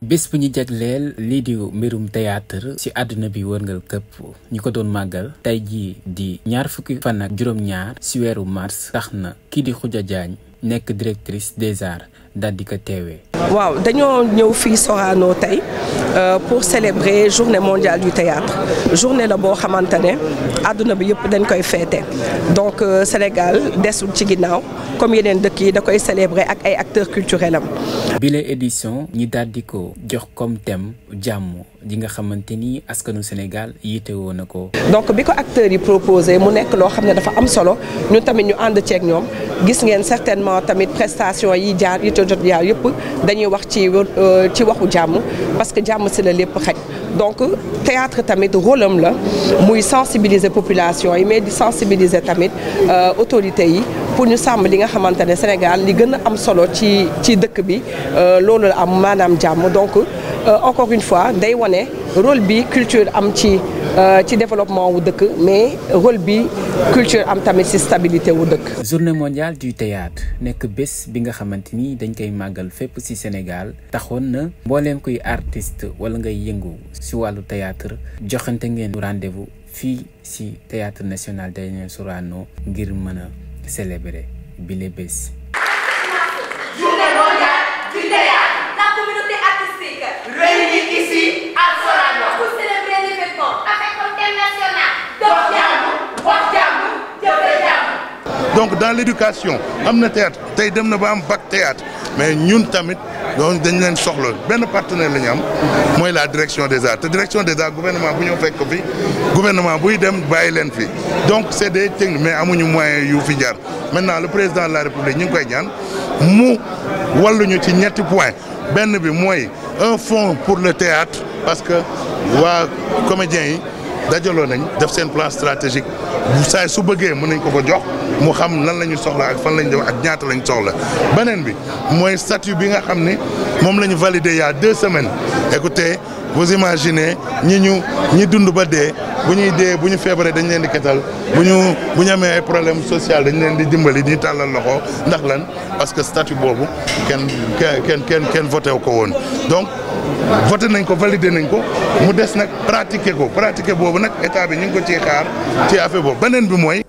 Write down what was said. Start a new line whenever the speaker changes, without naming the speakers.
bés bu ñu jagleel lii di mbirum théâtre ci àdduna bi wërngal këpp ñu ko doon màggal tey jii di ñaar fukki ci weeru mars tax na kii di Khoudia Diagne nekk directrice des arts daal di ko teewee.
waaw dañoo ñëw fii Sorano tey euh, pour célébrer journée mondiale du théâtre journée la boo xamante ne àdduna bi yëpp dañ koy feete donc euh, Sénégal desul ci ginnaaw comme yeneen dëkk yi da koy célébrer ak ay acteurs culturels am.
bile édition ñi daal di ko jox comme thème jàmm. ji nga xamante ni askanu Sénégal yitewoo na ko.
donc bi ko acteurs yi proposé mu nekk loo xam ne dafa am solo ñu tamit ñu ànd ceeg ñoom gis ngeen certainement tamit prestation yi jaar yi jot jaar yëpp dañuy wax ci euh, ci waxu jàmm parce que jàmm si la lépp xaj. donc théâtre tamit rôle la muy sensibiliser population yi mais di sensibiliser tamit euh, autorités yi pour ñu sàmm li nga xamante ne Sénégal li gën a am solo ci ci dëkk bi euh, loolu la am maanaam jàmm donc euh, encore une fois day wane rôle bi culture am ci. Euh, ci développement wu dëkk mais rôle bi culture am tamit ci stabilité wu dëkk.
journée mondiale du théâtre nekk bés bi nga xamante ni dañ koy màggal fépp ci Sénégal taxoon na mbooleem kuy artiste wala ngay yëngu ci wàllu théâtre joxante ngeen rendez-vous fii ci théâtre national Daniel Sorano ngir mën a célébrer bile bés.
donc dans l'éducation am na théâtre tey dem na ba am bac théâtre mais ñun tamit donc dañ leen soxla benn partenaire la ñu am mooy la direction des arts te direction des arts gouvernement bu ñu fekk fi gouvernement buy dem bàyyi leen fi donc c'est des techniques mais amuñu moyen yu fi jaar maintenant le président de la république ñu ngi koy ñaan mu walluñu ci ñetti point benn bi mooy un fonds pour le théâtre parce que waa comédiens yi dajaloo nañ def seen plan stratégique bu saay su bëggee mun nañ ko ko jox mu xam lan la ñu soxla ak fan lañ dem ak ñaata lañ soxla beneen bi mooy statut bi nga xam ne moom la ñu validé il deux semaines écoutez vous imaginez ñi ñu ñi dund ba dee bu ñuy dee bu ñu feebaree dañ leen di ketal bu ñu bu ñu amee ay problème social dañ leen di dimbali ñuy tàllal loxo ndax lan parce que statut boobu kenn kenn kenn kenn voté ko woon voté nañ ko validé nañ ko mu des nag pratique ko pratiqué boobu nag état bi ñu ngi ko ci xaar ci affaire boobu beneen bi mooy